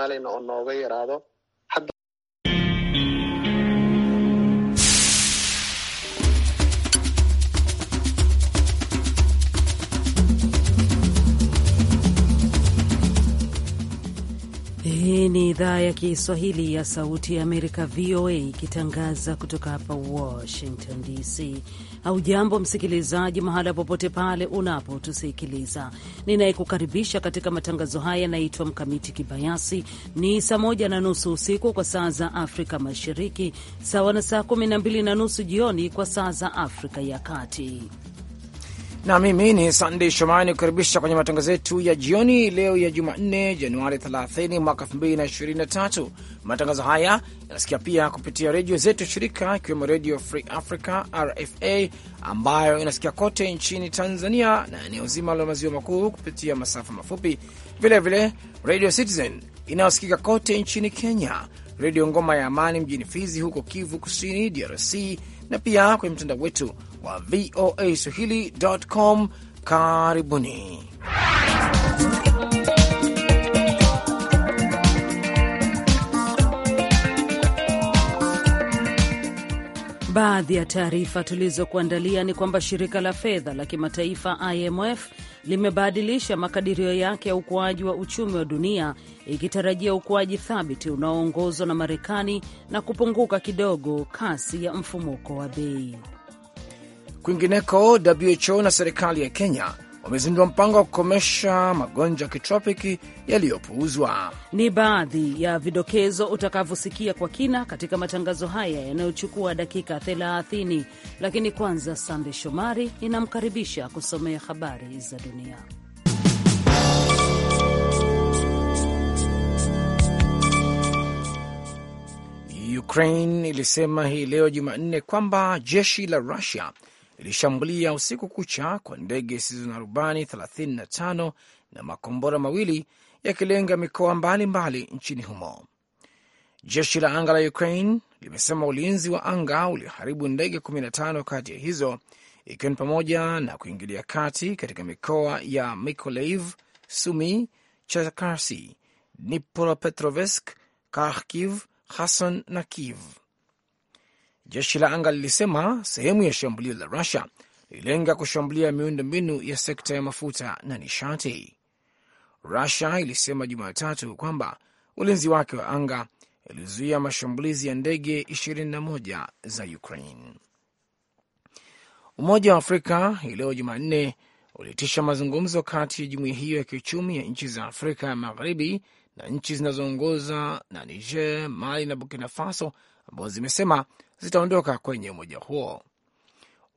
isticmaalayna oo nooga yaraado ni idhaa ya Kiswahili ya Sauti ya Amerika, VOA, ikitangaza kutoka hapa Washington DC. Haujambo msikilizaji, mahala popote pale unapotusikiliza. Ninayekukaribisha katika matangazo haya yanaitwa Mkamiti Kibayasi. Ni saa moja na nusu usiku kwa saa za Afrika Mashariki, sawa na saa kumi na mbili na nusu jioni kwa saa za Afrika ya Kati na mimi ni Sandey Shomani kukaribisha kwenye matangazo yetu ya jioni leo ya Jumanne, Januari 30 mwaka 2023. Matangazo haya yanasikia pia kupitia redio zetu shirika, ikiwemo Redio Free Africa RFA ambayo inasikia kote nchini Tanzania na eneo zima la maziwa makuu kupitia masafa mafupi, vilevile Redio Citizen inayosikika kote nchini Kenya, Redio Ngoma ya Amani mjini Fizi huko Kivu Kusini, DRC, na pia kwenye mtandao wetu wa VOA Swahili.com. Karibuni. Baadhi ya taarifa tulizokuandalia ni kwamba shirika la fedha la kimataifa IMF limebadilisha makadirio yake ya ukuaji wa uchumi wa dunia ikitarajia ukuaji thabiti unaoongozwa na Marekani na kupunguka kidogo kasi ya mfumuko wa bei. Kwingineko, WHO na serikali ya Kenya wamezindua mpango wa kukomesha magonjwa ya kitropiki yaliyopuuzwa. Ni baadhi ya vidokezo utakavyosikia kwa kina katika matangazo haya yanayochukua dakika 30, lakini kwanza, Sande Shomari inamkaribisha kusomea habari za dunia. Ukraine ilisema hii leo Jumanne kwamba jeshi la Rusia ilishambulia usiku kucha kwa ndege zisizo na rubani 35 na makombora mawili yakilenga mikoa mbalimbali nchini humo. Jeshi la anga la Ukraine limesema ulinzi wa anga ulioharibu ndege 15 kati ya hizo, ikiwa ni pamoja na kuingilia kati katika mikoa ya mikolaiv Sumi, Cherkasy, Dnipropetrovsk, Kharkiv, Kherson na kiv Jeshi la anga lilisema sehemu ya shambulio la Rusia ililenga kushambulia miundombinu ya sekta ya mafuta na nishati. Rusia ilisema Jumatatu kwamba ulinzi wake wa anga ilizuia mashambulizi ya ndege 21 za Ukraine. Umoja wa Afrika hii leo Jumanne uliitisha mazungumzo kati ya jumuiya hiyo ya kiuchumi ya nchi za Afrika ya Magharibi na nchi zinazoongoza na Niger, Mali na Burkina Faso ambazo zimesema zitaondoka kwenye umoja huo.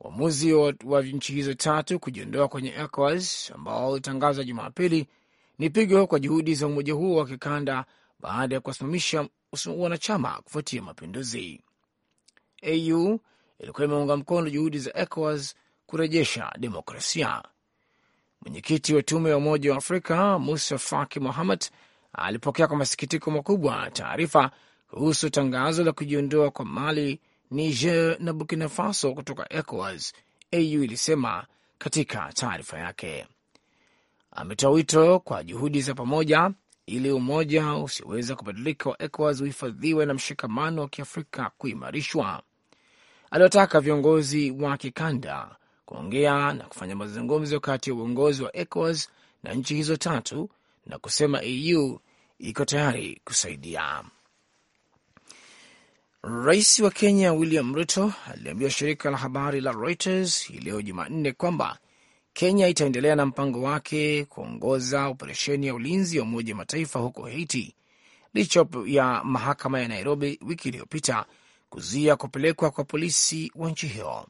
Uamuzi wa, nchi hizo tatu kujiondoa kwenye ECOWAS ambao ulitangazwa Jumapili ni pigo kwa juhudi za umoja huo wa kikanda baada ya kuwasimamisha wanachama kufuatia mapinduzi. AU ilikuwa imeunga mkono juhudi za ECOWAS kurejesha demokrasia. Mwenyekiti wa tume ya Umoja wa Afrika Musa Faki Mohamad alipokea kwa masikitiko makubwa taarifa kuhusu tangazo la kujiondoa kwa Mali, Niger na Burkina Faso kutoka ECOWAS, AU ilisema katika taarifa yake. Ametoa wito kwa juhudi za pamoja ili umoja usioweza kubadilika wa ECOWAS uhifadhiwe na mshikamano wa kiafrika kuimarishwa. Aliwataka viongozi wa kikanda kuongea na kufanya mazungumzo kati ya uongozi wa ECOWAS na nchi hizo tatu na kusema au iko tayari kusaidia. Rais wa Kenya William Ruto aliambia shirika la habari la Reuters hii leo Jumanne kwamba Kenya itaendelea na mpango wake kuongoza operesheni ya ulinzi wa Umoja Mataifa huko Haiti licha ya mahakama ya Nairobi wiki iliyopita kuzuia kupelekwa kwa polisi wa nchi hiyo.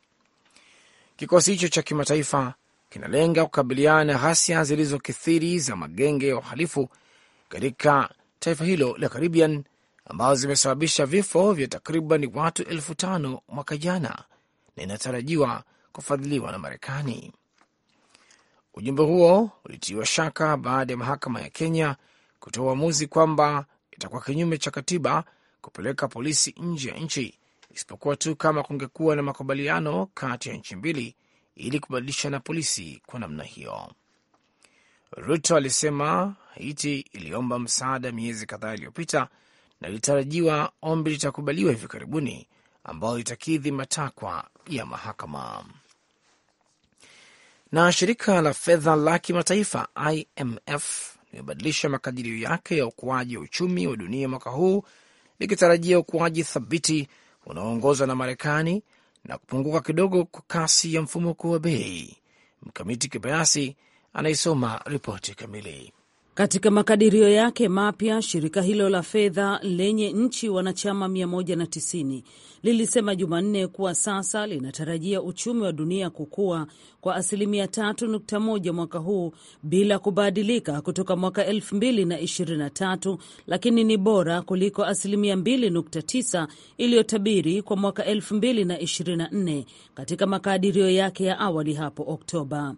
Kikosi hicho cha kimataifa kinalenga kukabiliana na ghasia zilizokithiri za magenge ya uhalifu katika taifa hilo la Caribbean ambazo zimesababisha vifo vya takriban watu elfu tano mwaka jana na inatarajiwa kufadhiliwa na Marekani. Ujumbe huo ulitiwa shaka baada ya mahakama ya Kenya kutoa uamuzi kwamba itakuwa kinyume cha katiba kupeleka polisi nje ya nchi isipokuwa tu kama kungekuwa na makubaliano kati ya nchi mbili ili kubadilishana polisi kwa namna hiyo. Ruto alisema Haiti iliomba msaada miezi kadhaa iliyopita na ilitarajiwa ombi litakubaliwa hivi karibuni, ambayo litakidhi matakwa ya mahakama. Na shirika la fedha la kimataifa IMF limebadilisha makadirio yake ya ukuaji wa uchumi wa dunia mwaka huu likitarajia ukuaji thabiti unaoongozwa na Marekani na kupunguka kidogo kwa kasi ya mfumuko wa bei. Mkamiti Kibayasi anaisoma ripoti kamili. Katika makadirio yake mapya, shirika hilo la fedha lenye nchi wanachama 190 lilisema Jumanne kuwa sasa linatarajia uchumi wa dunia kukua kwa asilimia 3.1 mwaka huu bila kubadilika kutoka mwaka 2023, lakini ni bora kuliko asilimia 2.9 iliyotabiri kwa mwaka 2024 katika makadirio yake ya awali hapo Oktoba.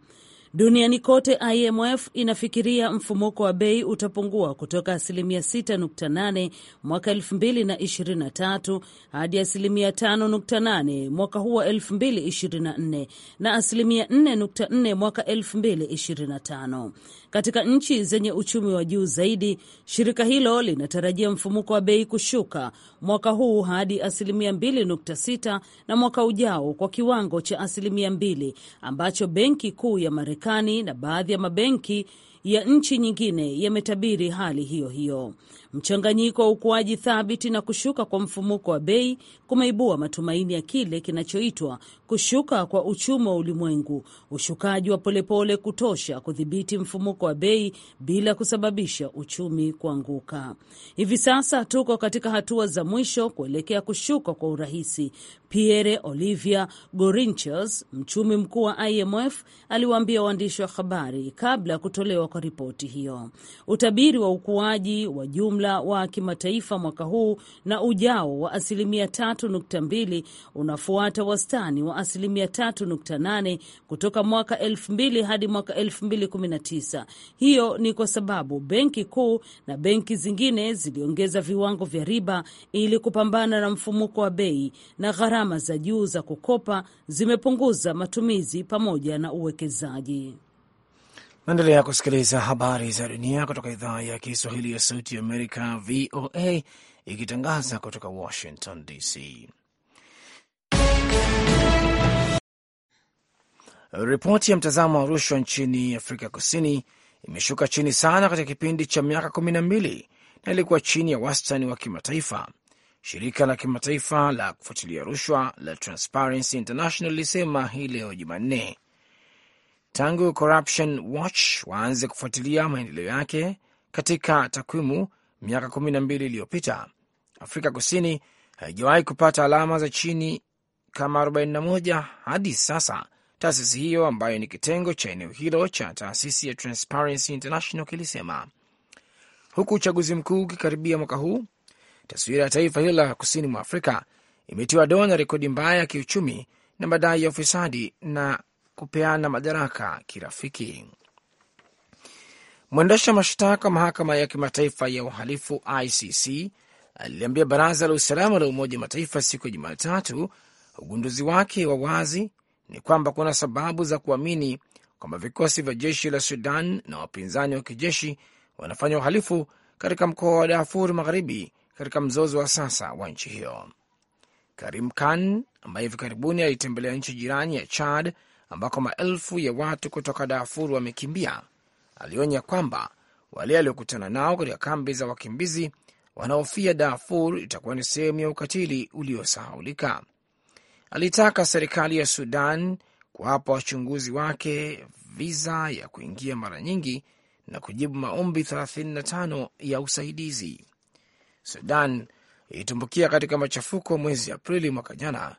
Duniani kote, IMF inafikiria mfumuko wa bei utapungua kutoka asilimia 6.8 mwaka 2023 hadi asilimia 5.8 mwaka huu wa 2024 na asilimia 4.4 mwaka 2025. Katika nchi zenye uchumi wa juu zaidi, shirika hilo linatarajia mfumuko wa bei kushuka mwaka huu hadi asilimia 2.6 na mwaka ujao kwa kiwango cha asilimia 2 ambacho Benki Kuu ya Marekani Marekani na baadhi ya mabenki ya nchi nyingine yametabiri hali hiyo hiyo. Mchanganyiko wa ukuaji thabiti na kushuka kwa mfumuko wa bei kumeibua matumaini ya kile kinachoitwa kushuka kwa uchumi wa ulimwengu, ushukaji wa polepole kutosha kudhibiti mfumuko wa bei bila kusababisha uchumi kuanguka. Hivi sasa tuko katika hatua za mwisho kuelekea kushuka kwa urahisi, Pierre Olivier Gorinches, mchumi mkuu wa IMF, aliwaambia waandishi wa habari kabla ya kutolewa kwa ripoti hiyo. Utabiri wa ukuaji wa jumla ujumla wa kimataifa mwaka huu na ujao wa asilimia 3.2 unafuata wastani wa asilimia 3.8 kutoka mwaka 2000 hadi mwaka 2019. Hiyo ni kwa sababu benki kuu na benki zingine ziliongeza viwango vya riba ili kupambana na mfumuko wa bei, na gharama za juu za kukopa zimepunguza matumizi pamoja na uwekezaji. Naendelea kusikiliza habari za dunia kutoka idhaa ya Kiswahili ya Sauti ya Amerika, VOA, ikitangaza kutoka Washington DC. Ripoti ya mtazamo wa rushwa nchini Afrika Kusini imeshuka chini sana katika kipindi cha miaka kumi na mbili na ilikuwa chini ya wastani wa kimataifa. Shirika la kimataifa la kufuatilia rushwa la Transparency International lilisema hii leo Jumanne tangu Corruption Watch waanze kufuatilia maendeleo yake katika takwimu miaka kumi na mbili iliyopita, Afrika Kusini haijawahi kupata alama za chini kama 41 hadi sasa. Taasisi hiyo ambayo ni kitengo cha eneo hilo cha taasisi ya Transparency International kilisema. Huku uchaguzi mkuu ukikaribia mwaka huu, taswira ya taifa hilo la kusini mwa Afrika imetiwa doa na rekodi mbaya ya kiuchumi na madai ya ufisadi na kupeana madaraka kirafiki. Mwendesha mashtaka mahakama ya kimataifa ya uhalifu ICC aliliambia baraza la usalama la Umoja Mataifa siku ya Jumatatu ugunduzi wake wa wazi ni kwamba kuna sababu za kuamini kwamba vikosi vya jeshi la Sudan na wapinzani wa kijeshi wanafanya uhalifu katika mkoa wa Darfur Magharibi katika mzozo wa sasa wa nchi hiyo. Karim Khan ambaye hivi karibuni alitembelea nchi jirani ya Chad ambako maelfu ya watu kutoka Darfur wamekimbia, alionya kwamba wale aliokutana nao katika kambi za wakimbizi wanaofia Darfur itakuwa ni sehemu ya ukatili uliosahaulika. Alitaka serikali ya Sudan kuwapa wachunguzi wake viza ya kuingia mara nyingi na kujibu maombi 35 ya usaidizi. Sudan ilitumbukia katika machafuko mwezi Aprili mwaka jana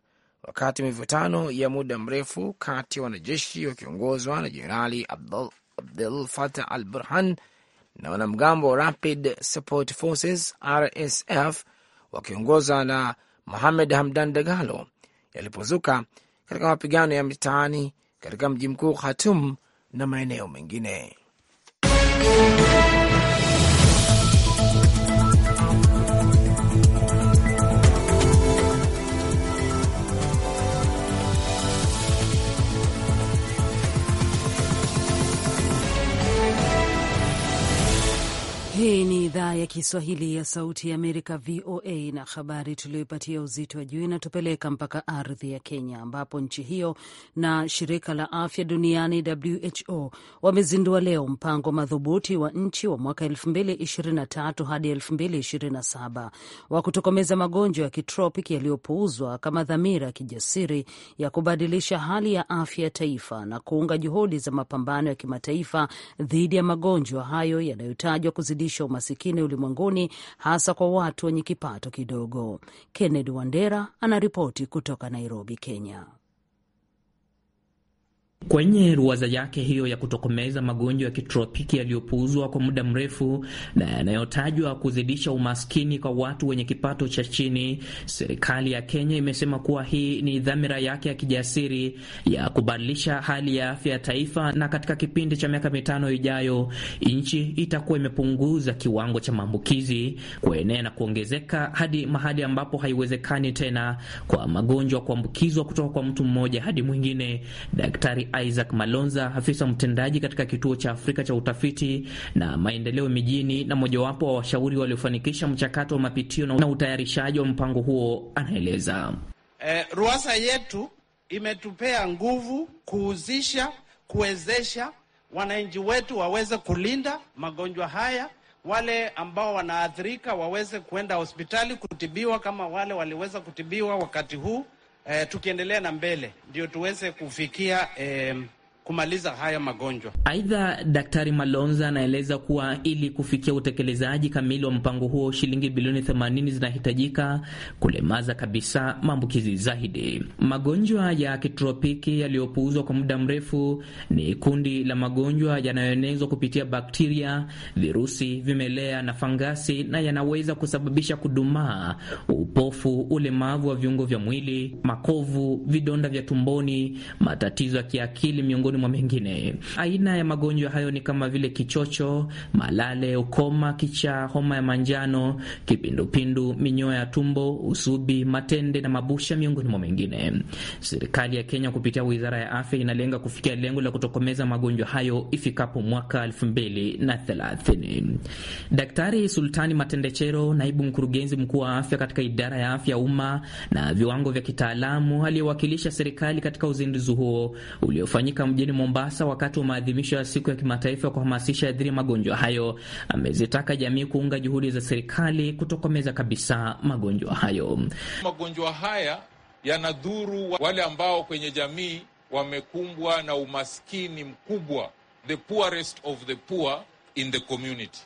wakati mivutano ya muda mrefu kati ya wanajeshi wakiongozwa na Jenerali abdul Fatah al Burhan na wanamgambo wa Rapid Support Forces RSF wakiongoza na Mohamed Hamdan Dagalo yalipozuka katika mapigano ya mitaani katika mji mkuu Khartoum na maeneo mengine. Hii ni idhaa ya Kiswahili ya Sauti ya Amerika, VOA, na habari tuliyoipatia uzito wa juu inatupeleka mpaka ardhi ya Kenya, ambapo nchi hiyo na shirika la afya duniani WHO wamezindua leo mpango madhubuti wa nchi wa mwaka 2023 hadi 2027 wa kutokomeza magonjwa ya kitropiki yaliyopuuzwa kama dhamira ya kijasiri ya kubadilisha hali ya afya ya taifa na kuunga juhudi za mapambano ya kimataifa dhidi ya magonjwa hayo yanayotajwa kuzidi kusababisha umasikini ulimwenguni, hasa kwa watu wenye kipato kidogo. Kennedy Wandera anaripoti kutoka Nairobi, Kenya. Kwenye ruwaza yake hiyo ya kutokomeza magonjwa ya kitropiki yaliyopuuzwa kwa muda mrefu na yanayotajwa kuzidisha umaskini kwa watu wenye kipato cha chini, serikali ya Kenya imesema kuwa hii ni dhamira yake ya kijasiri ya kubadilisha hali ya afya ya taifa, na katika kipindi cha miaka mitano ijayo nchi itakuwa imepunguza kiwango cha maambukizi kuenea na kuongezeka hadi mahali ambapo haiwezekani tena kwa magonjwa kuambukizwa kutoka kwa mtu mmoja hadi mwingine. Daktari Isaac Malonza, afisa mtendaji katika kituo cha Afrika cha utafiti na maendeleo mijini na mojawapo wa washauri waliofanikisha mchakato wa mapitio na utayarishaji wa mpango huo, anaeleza. Eh, Ruasa yetu imetupea nguvu kuhuzisha kuwezesha wananchi wetu waweze kulinda magonjwa haya wale ambao wanaathirika waweze kuenda hospitali kutibiwa kama wale waliweza kutibiwa wakati huu, eh, tukiendelea na mbele ndio tuweze kufikia eh, kumaliza haya magonjwa. Aidha, Daktari Malonza anaeleza kuwa ili kufikia utekelezaji kamili wa mpango huo, shilingi bilioni 80 zinahitajika kulemaza kabisa maambukizi zaidi. Magonjwa ya kitropiki yaliyopuuzwa kwa muda mrefu ni kundi la magonjwa yanayoenezwa kupitia bakteria, virusi, vimelea na fangasi, na yanaweza kusababisha kudumaa, upofu, ulemavu wa viungo vya mwili, makovu, vidonda vya tumboni, matatizo ya kiakili miongoni miongoni mwa mengine. Aina ya magonjwa hayo ni kama vile kichocho, malale, ukoma, kichaa, homa ya manjano, kipindupindu, minyoo ya tumbo, usubi, matende na mabusha, miongoni mwa mengine. Serikali ya Kenya kupitia wizara ya afya inalenga kufikia lengo la kutokomeza magonjwa hayo ifikapo mwaka Daktari Sultani Matendechero, naibu mkurugenzi mkuu wa afya katika idara ya afya umma na viwango vya kitaalamu, aliyewakilisha serikali katika uzinduzi huo uliofanyika mjini mjini Mombasa wakati wa maadhimisho ya siku ya kimataifa ya kuhamasisha adhiri magonjwa hayo, amezitaka jamii kuunga juhudi za serikali kutokomeza kabisa magonjwa hayo. Magonjwa haya yanadhuru wale ambao kwenye jamii wamekumbwa na umaskini mkubwa, the poorest of the poor in the community.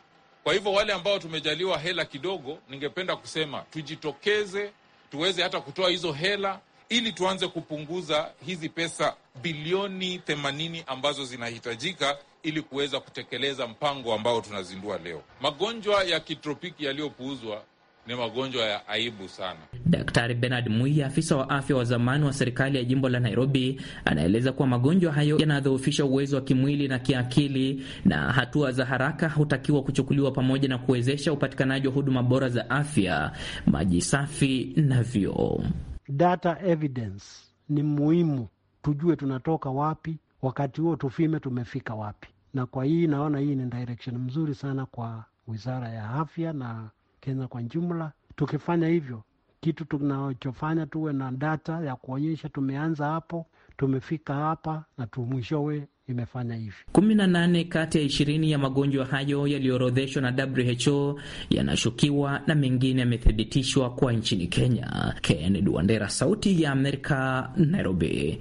Kwa hivyo wale ambao tumejaliwa hela kidogo, ningependa kusema tujitokeze, tuweze hata kutoa hizo hela ili tuanze kupunguza hizi pesa bilioni themanini ambazo zinahitajika ili kuweza kutekeleza mpango ambao tunazindua leo. Magonjwa ya kitropiki yaliyopuuzwa ni magonjwa ya aibu sana. Daktari Bernard Muiya, afisa wa afya wa zamani wa serikali ya jimbo la Nairobi, anaeleza kuwa magonjwa hayo yanadhoofisha uwezo wa kimwili na kiakili, na hatua za haraka hutakiwa kuchukuliwa pamoja na kuwezesha upatikanaji wa huduma bora za afya, maji safi na vyoo data evidence ni muhimu, tujue tunatoka wapi, wakati huo tufime tumefika wapi. Na kwa hii naona hii ni direction mzuri sana kwa wizara ya afya na Kenya kwa jumla. Tukifanya hivyo, kitu tunachofanya tuwe na data ya kuonyesha tumeanza hapo, tumefika hapa na tumwishowe imefanya hivi. Kumi na nane kati ya ishirini ya magonjwa hayo yaliyoorodheshwa na WHO yanashukiwa na mengine yamethibitishwa kwa nchini Kenya. Kennedy Wandera, Sauti ya Amerika, Nairobi.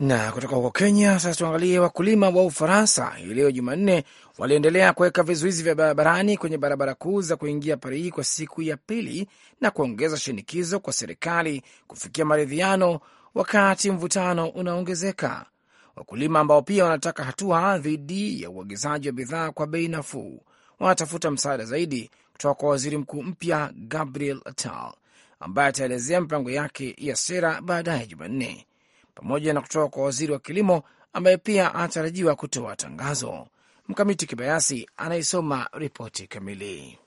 Na kutoka huko Kenya sasa tuangalie, wakulima wa Ufaransa hii leo Jumanne waliendelea kuweka vizuizi vya barabarani kwenye barabara kuu za kuingia Paris kwa siku ya pili na kuongeza shinikizo kwa serikali kufikia maridhiano, wakati mvutano unaongezeka. Wakulima ambao pia wanataka hatua dhidi ya uagizaji wa bidhaa kwa bei nafuu wanatafuta msaada zaidi kutoka kwa waziri mkuu mpya Gabriel Attal ambaye ataelezea mipango yake ya sera baadaye Jumanne pamoja na kutoka kwa waziri wa kilimo ambaye pia anatarajiwa kutoa tangazo. Mkamiti Kibayasi anayesoma ripoti kamili.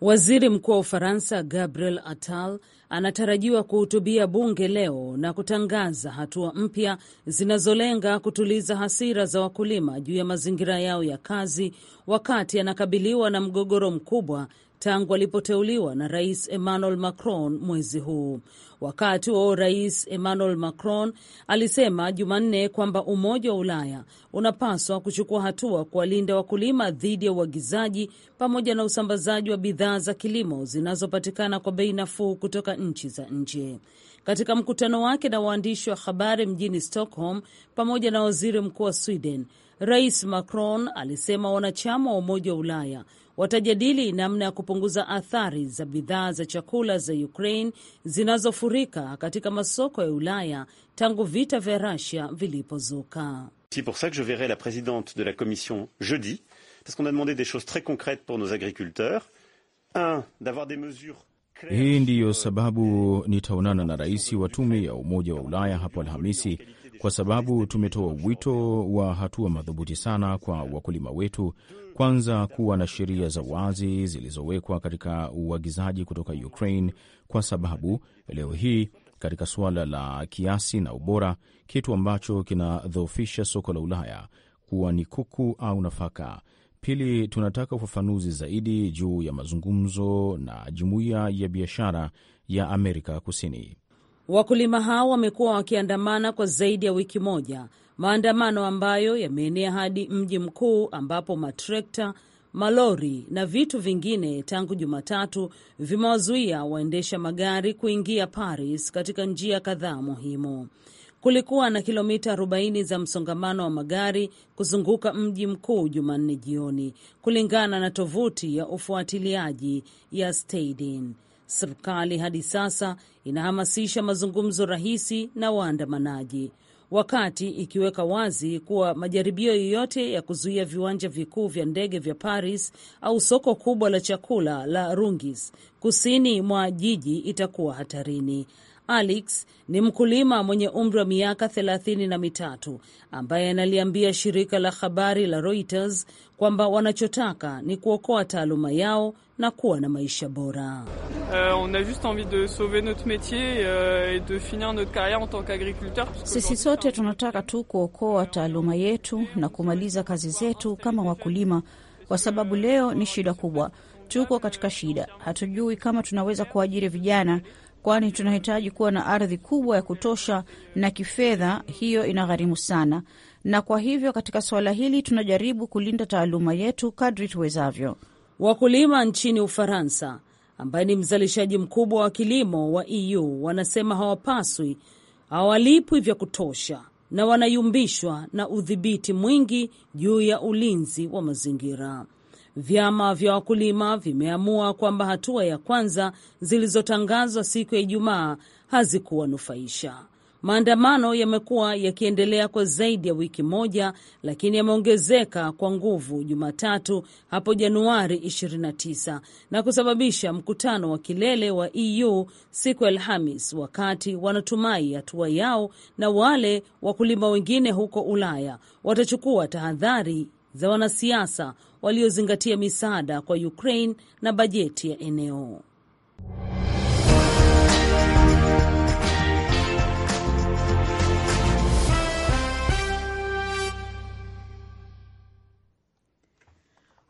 Waziri mkuu wa Ufaransa Gabriel Attal anatarajiwa kuhutubia bunge leo na kutangaza hatua mpya zinazolenga kutuliza hasira za wakulima juu ya mazingira yao ya kazi, wakati anakabiliwa na mgogoro mkubwa tangu alipoteuliwa na Rais Emmanuel Macron mwezi huu. Wakati huo Rais Emmanuel Macron alisema Jumanne kwamba Umoja wa Ulaya unapaswa kuchukua hatua kuwalinda wakulima dhidi ya uagizaji pamoja na usambazaji wa bidhaa za kilimo zinazopatikana kwa bei nafuu kutoka nchi za nje. Katika mkutano wake na waandishi wa habari mjini Stockholm pamoja na waziri mkuu wa Sweden, Rais Macron alisema wanachama wa Umoja wa Ulaya watajadili namna ya kupunguza athari za bidhaa za chakula za Ukraine zinazofurika katika masoko ya Ulaya tangu vita vya Russia vilipozuka. C'est pour ça que je verrai la présidente de la commission jeudi parce qu'on a demandé des choses très concrètes pour nos agriculteurs. Un, d'avoir des mesures hii ndiyo sababu nitaonana na rais wa tume ya Umoja wa Ulaya hapo Alhamisi kwa sababu tumetoa wito wa hatua madhubuti sana kwa wakulima wetu. Kwanza, kuwa na sheria za wazi zilizowekwa katika uagizaji kutoka Ukraine, kwa sababu leo hii katika suala la kiasi na ubora, kitu ambacho kinadhoofisha soko la Ulaya kuwa ni kuku au nafaka. Pili, tunataka ufafanuzi zaidi juu ya mazungumzo na jumuiya ya biashara ya Amerika Kusini. Wakulima hao wamekuwa wakiandamana kwa zaidi ya wiki moja, maandamano ambayo yameenea hadi mji mkuu ambapo matrekta, malori na vitu vingine tangu Jumatatu vimewazuia waendesha magari kuingia Paris katika njia kadhaa muhimu. Kulikuwa na kilomita 40 za msongamano wa magari kuzunguka mji mkuu Jumanne jioni, kulingana na tovuti ya ufuatiliaji ya Stadin. Serikali hadi sasa inahamasisha mazungumzo rahisi na waandamanaji, wakati ikiweka wazi kuwa majaribio yoyote ya kuzuia viwanja vikuu vya ndege vya Paris au soko kubwa la chakula la Rungis kusini mwa jiji itakuwa hatarini. Alex ni mkulima mwenye umri wa miaka thelathini na mitatu ambaye analiambia shirika la habari la Reuters kwamba wanachotaka ni kuokoa taaluma yao na kuwa na maisha bora. Sisi sote tunataka tu kuokoa taaluma yetu na kumaliza kazi zetu kama wakulima, kwa sababu leo ni shida kubwa. Tuko katika shida, hatujui kama tunaweza kuajiri vijana kwani tunahitaji kuwa na ardhi kubwa ya kutosha, na kifedha hiyo inagharimu sana, na kwa hivyo katika suala hili tunajaribu kulinda taaluma yetu kadri tuwezavyo. Wakulima nchini Ufaransa, ambaye ni mzalishaji mkubwa wa kilimo wa EU, wanasema hawapaswi, hawalipwi vya kutosha na wanayumbishwa na udhibiti mwingi juu ya ulinzi wa mazingira. Vyama vya wakulima vimeamua kwamba hatua ya kwanza zilizotangazwa siku ya Ijumaa hazikuwanufaisha. Maandamano yamekuwa yakiendelea kwa zaidi ya wiki moja, lakini yameongezeka kwa nguvu Jumatatu hapo Januari 29 na kusababisha mkutano wa kilele wa EU siku ya Alhamis, wakati wanatumai hatua yao na wale wakulima wengine huko Ulaya watachukua tahadhari za wanasiasa waliozingatia misaada kwa Ukraine na bajeti ya eneo.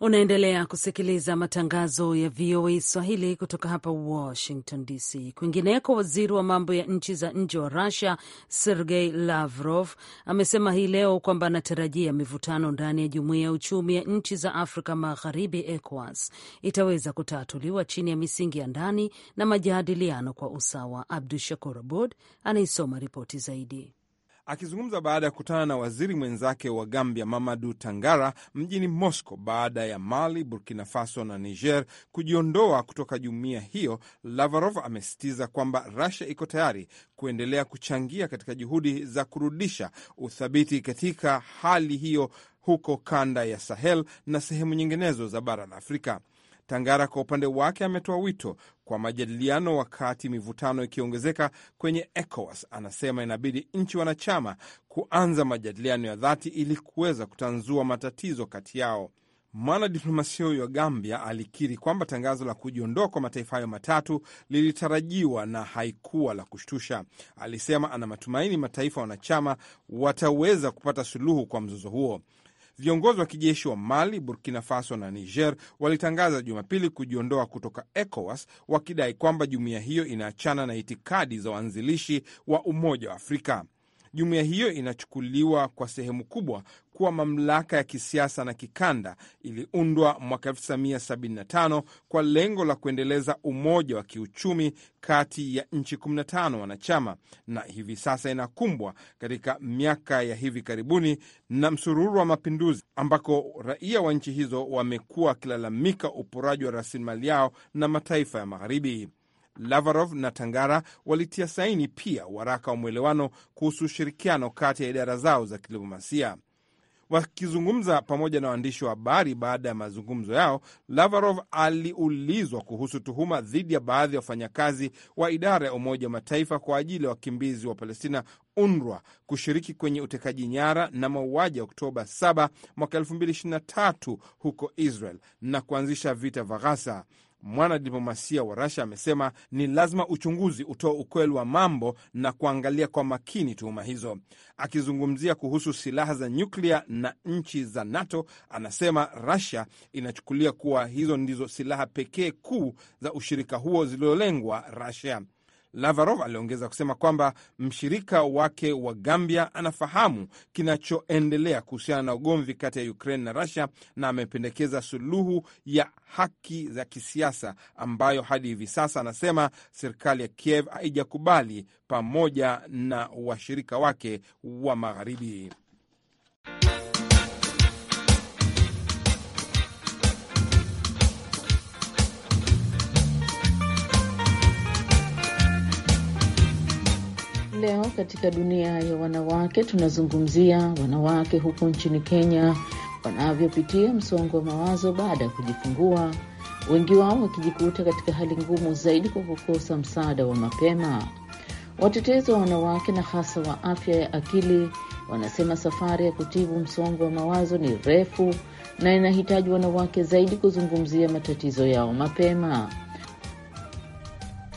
Unaendelea kusikiliza matangazo ya VOA Swahili kutoka hapa Washington DC. Kwingineko, waziri wa mambo ya nchi za nje wa Rusia Sergei Lavrov amesema hii leo kwamba anatarajia mivutano ndani ya jumuiya ya uchumi ya nchi za Afrika Magharibi, ECOWAS, itaweza kutatuliwa chini ya misingi ya ndani na majadiliano kwa usawa. Abdu Shakur abud anaisoma ripoti zaidi. Akizungumza baada ya kukutana na waziri mwenzake wa Gambia Mamadu Tangara mjini Moscow baada ya Mali, Burkina Faso na Niger kujiondoa kutoka jumuiya hiyo, Lavarov amesisitiza kwamba Russia iko tayari kuendelea kuchangia katika juhudi za kurudisha uthabiti katika hali hiyo huko kanda ya Sahel na sehemu nyinginezo za bara la Afrika. Tangara kwa upande wake ametoa wito kwa majadiliano, wakati mivutano ikiongezeka kwenye ECOWAS. Anasema inabidi nchi wanachama kuanza majadiliano ya dhati ili kuweza kutanzua matatizo kati yao. Mwanadiplomasia huyo Gambia alikiri kwamba tangazo la kujiondoa kwa mataifa hayo matatu lilitarajiwa na haikuwa la kushtusha. Alisema ana matumaini mataifa wanachama wataweza kupata suluhu kwa mzozo huo. Viongozi wa kijeshi wa Mali, Burkina Faso na Niger walitangaza Jumapili kujiondoa kutoka ECOWAS wakidai kwamba jumuiya hiyo inaachana na itikadi za waanzilishi wa Umoja wa Afrika. Jumuiya hiyo inachukuliwa kwa sehemu kubwa kuwa mamlaka ya kisiasa na kikanda. Iliundwa mwaka 1975 kwa lengo la kuendeleza umoja wa kiuchumi kati ya nchi 15 wanachama, na hivi sasa inakumbwa katika miaka ya hivi karibuni na msururu wa mapinduzi, ambako raia wa nchi hizo wamekuwa wakilalamika uporaji wa rasilimali yao na mataifa ya Magharibi. Lavarov na Tangara walitia saini pia waraka wa mwelewano kuhusu ushirikiano kati ya idara zao za kidiplomasia. Wakizungumza pamoja na waandishi wa habari baada ya mazungumzo yao, Lavarov aliulizwa kuhusu tuhuma dhidi ya baadhi ya wafanyakazi wa idara ya Umoja wa Mataifa kwa ajili ya wakimbizi wa Palestina, UNRWA, kushiriki kwenye utekaji nyara na mauaji ya Oktoba 7 mwaka 2023 huko Israel na kuanzisha vita vya Ghaza. Mwanadiplomasia wa rasia amesema ni lazima uchunguzi utoe ukweli wa mambo na kuangalia kwa makini tuhuma hizo. Akizungumzia kuhusu silaha za nyuklia na nchi za NATO, anasema Russia inachukulia kuwa hizo ndizo silaha pekee kuu za ushirika huo zilizolengwa rasia Lavarov aliongeza kusema kwamba mshirika wake wa Gambia anafahamu kinachoendelea kuhusiana na ugomvi kati ya Ukraine na Rusia na amependekeza suluhu ya haki za kisiasa ambayo hadi hivi sasa anasema serikali ya Kiev haijakubali pamoja na washirika wake wa Magharibi. leo katika dunia ya wanawake tunazungumzia wanawake huko nchini Kenya wanavyopitia msongo wa mawazo baada ya kujifungua, wengi wao wakijikuta katika hali ngumu zaidi kwa kukosa msaada wa mapema. Watetezi wa wanawake na hasa wa afya ya akili wanasema safari ya kutibu msongo wa mawazo ni refu na inahitaji wanawake zaidi kuzungumzia matatizo yao mapema.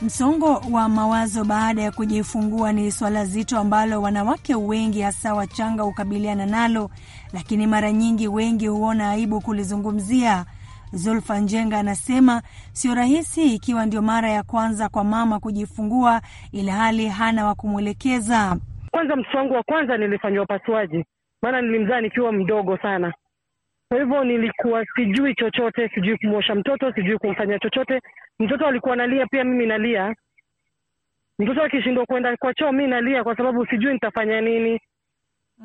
Msongo wa mawazo baada ya kujifungua ni swala zito ambalo wanawake wengi hasa wachanga hukabiliana nalo, lakini mara nyingi wengi huona aibu kulizungumzia. Zulfa Njenga anasema sio rahisi ikiwa ndio mara ya kwanza kwa mama kujifungua, ila hali hana wa kumwelekeza. Kwanza msongo wa kwanza nilifanyiwa upasuaji, maana nilimzaa nikiwa mdogo sana kwa hivyo nilikuwa sijui chochote, sijui kumwosha mtoto, sijui kumfanya chochote. Mtoto alikuwa nalia pia mimi nalia. Mtoto akishindwa kuenda kwa choo, mi nalia kwa sababu sijui nitafanya nini.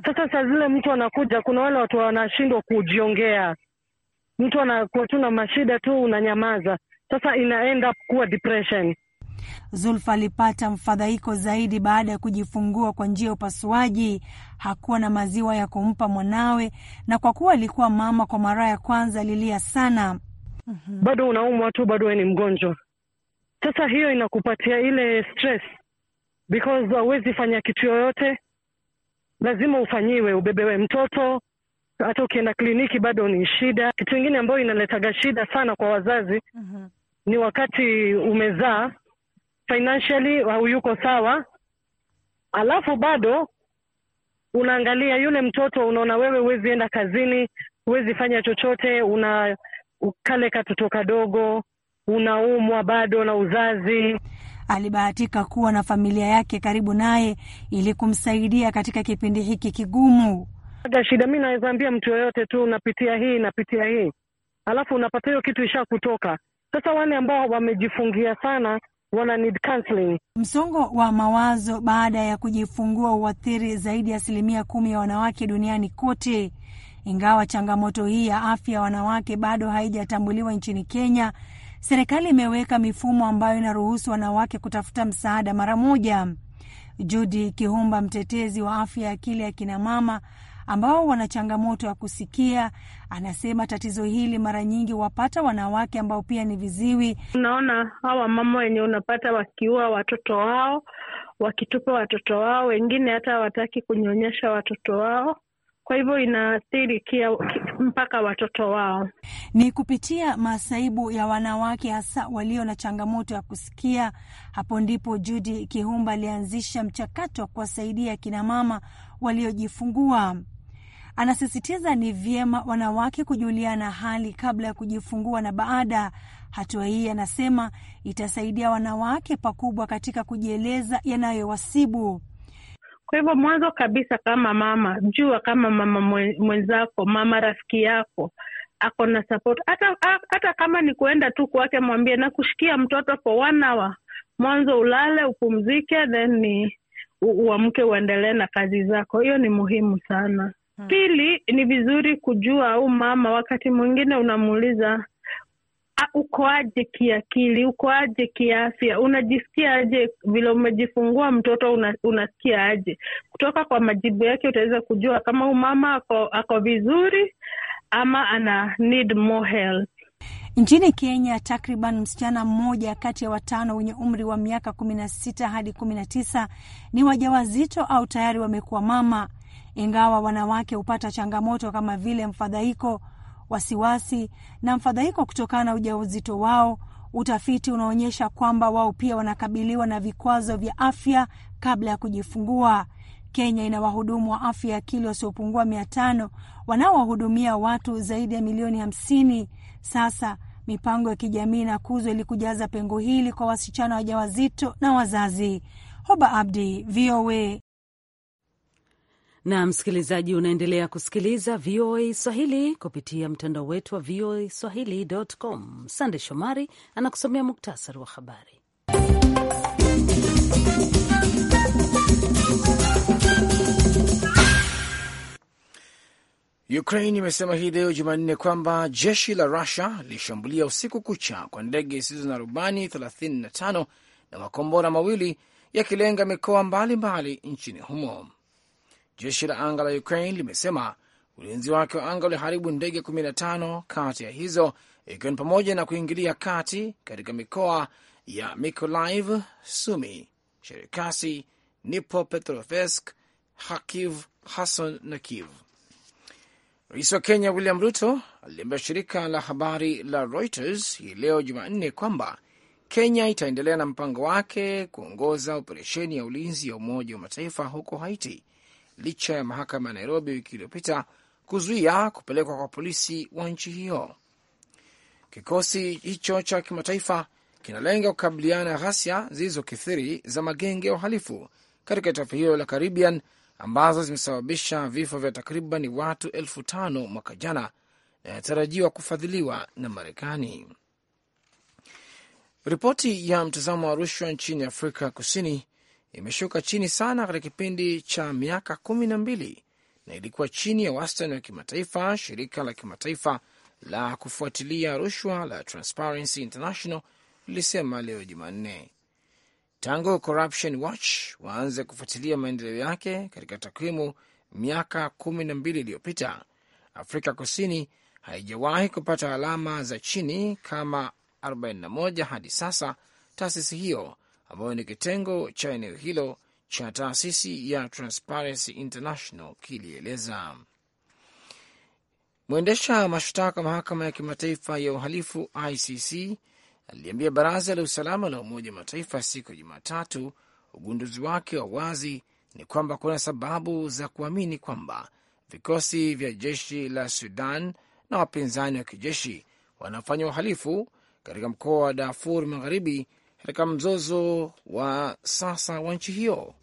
Sasa saa zile mtu anakuja, kuna wale watu wanashindwa kujiongea, mtu anakuwa tu na mashida tu, unanyamaza. Sasa ina end kuwa depression. Zulfa alipata mfadhaiko zaidi baada ya kujifungua kwa njia ya upasuaji. Hakuwa na maziwa ya kumpa mwanawe, na kwa kuwa alikuwa mama kwa mara ya kwanza, alilia sana. Mhm. Bado unaumwa tu, bado wewe ni mgonjwa. Sasa hiyo inakupatia ile stress because hauwezi fanya kitu yoyote, lazima ufanyiwe, ubebewe mtoto hata ukienda kliniki bado ni shida. Kitu ingine ambayo inaletaga shida sana kwa wazazi uh mhm. -huh. ni wakati umezaa, financially yuko sawa, alafu bado unaangalia yule mtoto, unaona wewe huwezi enda kazini, huwezi fanya chochote, una kale katoto kadogo, unaumwa bado na uzazi. Alibahatika kuwa na familia yake karibu naye ili kumsaidia katika kipindi hiki kigumu. Shida mi nawezaambia mtu yoyote tu, napitia hii napitia hii, alafu unapata hiyo kitu isha kutoka. Sasa wale ambao wamejifungia sana wana need counseling. Msongo wa mawazo baada ya kujifungua huathiri zaidi ya asilimia kumi ya wanawake duniani kote. Ingawa changamoto hii ya afya ya wanawake bado haijatambuliwa nchini Kenya, serikali imeweka mifumo ambayo inaruhusu wanawake kutafuta msaada mara moja. judi Kihumba, mtetezi wa afya ya akili ya kinamama, ambao wana changamoto ya kusikia. Anasema tatizo hili mara nyingi wapata wanawake ambao pia ni viziwi. Unaona hawa mama wenye unapata wakiua watoto wao, wakitupa watoto wao, wengine hata hawataki kunyonyesha watoto wao kwa hivyo inaathiri kia mpaka watoto wao. Ni kupitia masaibu ya wanawake hasa walio na changamoto ya kusikia. Hapo ndipo Judy Kihumba alianzisha mchakato wa kuwasaidia kinamama waliojifungua. Anasisitiza ni vyema wanawake kujuliana hali kabla ya kujifungua na baada. Hatua hii, anasema, itasaidia wanawake pakubwa katika kujieleza yanayowasibu. Kwa hivyo mwanzo kabisa, kama mama, jua kama mama mwenzako, mama rafiki yako ako na support, hata hata kama ni kuenda tu kwake, mwambie nakushikia mtoto for one hour. Mwanzo ulale upumzike, then ni uamke uendelee na kazi zako. Hiyo ni muhimu sana. Hmm. Pili, ni vizuri kujua au mama, wakati mwingine unamuuliza ukoaje kiakili, uko aje kiafya, unajisikia aje vile umejifungua mtoto una, unasikia aje? Kutoka kwa majibu yake utaweza kujua kama huu mama ako, ako vizuri ama ana need more help. Nchini Kenya, takriban msichana mmoja kati ya watano wenye umri wa miaka kumi na sita hadi kumi na tisa ni wajawazito au tayari wamekuwa mama. Ingawa wanawake hupata changamoto kama vile mfadhaiko, wasiwasi na mfadhaiko kutokana na ujauzito wao, utafiti unaonyesha kwamba wao pia wanakabiliwa na vikwazo vya afya kabla ya kujifungua. Kenya ina wahudumu wa afya ya akili wasiopungua mia tano wanaowahudumia watu zaidi ya milioni hamsini. Sasa mipango ya kijamii inakuzwa ili kujaza pengo hili kwa wasichana wajawazito na wazazi. Hoba Abdi, VOA, na msikilizaji, unaendelea kusikiliza VOA Swahili kupitia mtandao wetu wa VOA Swahili.com. Sande Shomari anakusomea muktasari wa habari. Ukraine imesema hii leo Jumanne kwamba jeshi la Rusia lilishambulia usiku kucha kwa ndege zisizo na rubani 35 na makombora mawili yakilenga mikoa mbalimbali nchini humo. Jeshi la anga la Ukraine limesema ulinzi wake wa anga uliharibu ndege 15 kati ya hizo, ikiwa ni pamoja na kuingilia kati katika mikoa ya Mikolaiv, Sumi, Sherikasi, Petrovesk, hakiv hason na Kiev. Rais wa Kenya William Ruto aliliambia shirika la habari la Reuters hii leo Jumanne kwamba Kenya itaendelea na mpango wake kuongoza operesheni ya ulinzi ya Umoja wa Mataifa huko Haiti licha ya mahakama ya Nairobi wiki iliyopita kuzuia kupelekwa kwa polisi wa nchi hiyo. Kikosi hicho cha kimataifa kinalenga kukabiliana ghasia zilizokithiri za magenge ya uhalifu katika taifa hilo la Caribbean ambazo zimesababisha vifo vya takriban watu elfu tano mwaka jana na yanatarajiwa kufadhiliwa na Marekani. Ripoti ya mtazamo wa rushwa nchini Afrika Kusini imeshuka chini sana katika kipindi cha miaka kumi na mbili na ilikuwa chini ya wastani wa kimataifa. Shirika la kimataifa la kufuatilia rushwa la Transparency International lilisema leo Jumanne. Tangu Corruption Watch waanze kufuatilia maendeleo yake katika takwimu miaka kumi na mbili iliyopita, Afrika Kusini haijawahi kupata alama za chini kama 41 hadi sasa, taasisi hiyo ambayo ni kitengo cha eneo hilo cha taasisi ya Transparency International kilieleza. Mwendesha mashtaka mahakama ya kimataifa ya uhalifu ICC aliliambia baraza la usalama la Umoja Mataifa siku ya Jumatatu ugunduzi wake wa wazi ni kwamba kuna sababu za kuamini kwamba vikosi vya jeshi la Sudan na wapinzani wa kijeshi wanafanya uhalifu katika mkoa wa Darfur Magharibi katika mzozo wa sasa wa nchi hiyo.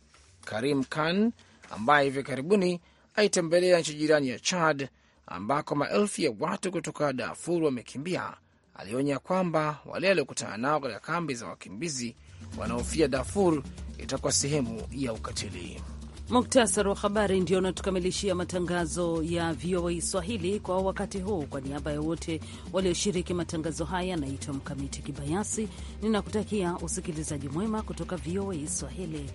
Karim Khan ambaye hivi karibuni aitembelea nchi jirani ya Chad ambako maelfu ya watu kutoka Darfur wamekimbia, alionya kwamba wale waliokutana nao katika kambi za wakimbizi wanaofia Darfur itakuwa sehemu ya ukatili. Muktasari wa habari ndio unatukamilishia matangazo ya VOA Swahili kwa wakati huu. Kwa niaba ya wote walioshiriki matangazo haya, naitwa Mkamiti Kibayasi, ninakutakia usikilizaji mwema kutoka VOA Swahili.